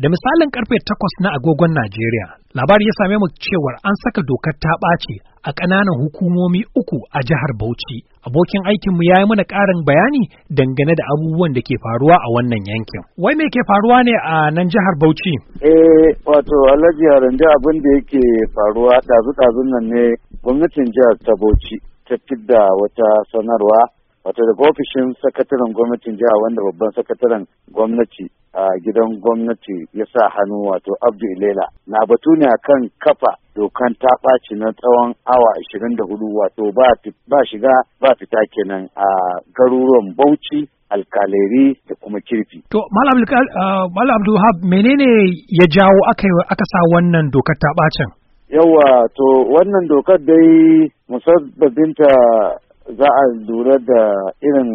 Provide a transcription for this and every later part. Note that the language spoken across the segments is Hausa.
Da misalin karfe takwas na agogon Najeriya, labari ya same mu cewar an saka dokar ta ɓace a ƙananan hukumomi uku a jihar Bauchi. Abokin aikinmu ya yi mana ƙarin bayani dangane da abubuwan da ke faruwa a wannan yankin. Wai me ke faruwa ne a nan jihar Bauchi? Eh, wato Alhaji Harande abin da yake faruwa ɗazu-ɗazun nan ne gwamnatin jihar ta Bauchi ta fidda wata sanarwa wato daga ofishin sakataren gwamnatin jiha wanda babban sakataren gwamnati a gidan gwamnati ya sa hannu wato abdu ilela na batu ne akan kafa dokan ta ɓaci na tsawon awa 24 wato ba shiga ba fita kenan a garuruwan bauchi alkaleri da kuma kirfi. To, Malam Abdulhab, menene ya jawo aka sa wannan dokar ta ɓacin? Yawa, to wannan dokar dai musabbabinta za a lura da irin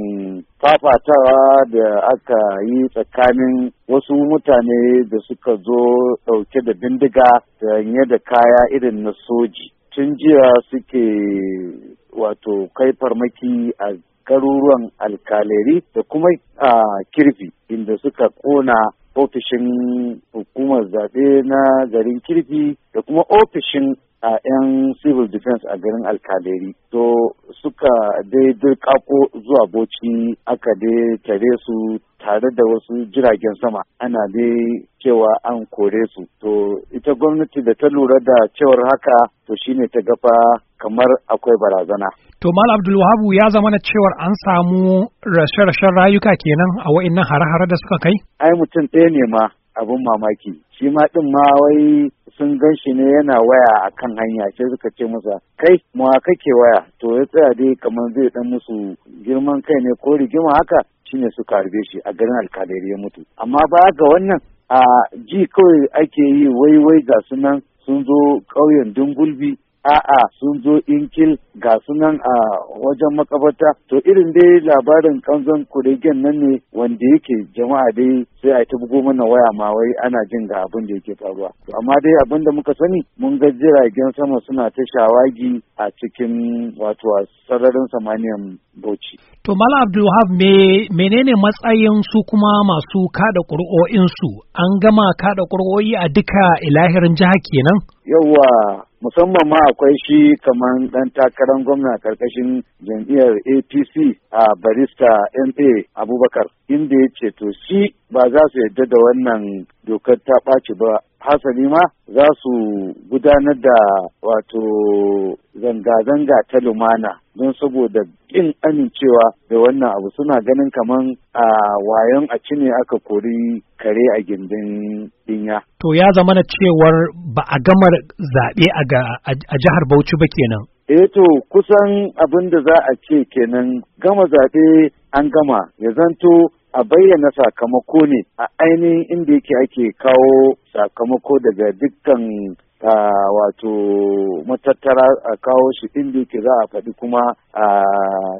fafatawa da aka yi tsakanin wasu mutane da suka zo ɗauke da bindiga da da kaya irin na soji tun jiya suke wato kai farmaki a garuruwan alkaleri da kuma a kirfi inda suka kona ofishin hukumar zaɓe na garin kirfi da kuma ofishin a 'yan civil defense a garin alkaderi to suka dai dirkako zuwa boci aka dai tare su tare da wasu jiragen sama ana dai cewa an kore su to ita gwamnati da ta lura da cewar haka to shine ta gafa kamar akwai barazana to mal abdul wahabu ya zama na cewar an samu rashe-rashen rayuka kenan a wa'innan hare-hare da suka kai ai mutum ɗaya ne ma abin mamaki shi ma din ma wai sun gan shi ne yana waya a kan hanya sai suka ce masa kai ma kake waya to ya tsaya dai kamar zai dan musu girman kai ne ko rigima haka shine suka harbe shi a garin alkalari ya mutu amma baya ga wannan a ji kawai ake yi wai wai ga sunan sun zo ƙauyen dungulbi a'a sun zo inkil ga sunan a wajen makabarta to irin dai labarin kanzon kuregen nan ne wanda yake jama'a dai sai a ta bugo mana waya ma wai ana jin ga abin da yake faruwa to amma dai abin da muka sani mun ga jiragen sama suna ta shawagi a cikin wato sararin samaniyan bauchi to mala abdulhab me menene matsayin su kuma masu kada ƙuri'o'insu an gama kada kuri'o'i a duka ilahirin jiha kenan yawwa musamman ma akwai shi kamar ɗan takarar gwamna karkashin jam'iyyar apc a barista ma abubakar inda ya ce to shi ba za su yarda da wannan dokar ta ɓaci ba hasali ma za su gudanar da wato zanga-zanga ta lumana don saboda ƙin amincewa da wannan abu suna ganin kamar a wayon a cine aka kori kare a gindin dinya. To ya zama na cewar ba a gamar zaɓe a jihar Bauchi ba kenan. Eh to kusan abin da za a ce kenan gama zaɓe an gama ya zanto a bayyana sakamako ne a ainihin inda yake ake kawo sakamako daga dukkan wato matattara a kawo shi inda yake za a faɗi kuma a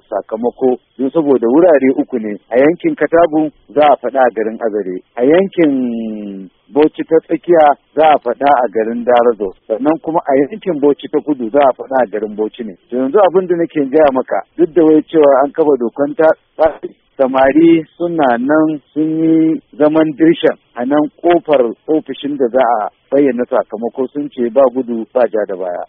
sakamako don saboda wurare uku ne a yankin katabu za a faɗa a garin azare a yankin Bauchi ta tsakiya za a faɗa a garin Darazo sannan kuma a yankin Bauchi ta kudu za a faɗa a garin Bauchi ne. To yanzu abin da nake gaya maka duk da wai cewa an kafa dokan ta samari suna nan sun yi zaman dirshan a nan kofar ofishin da za a bayyana sakamakon sun ce ba gudu ba ja da baya.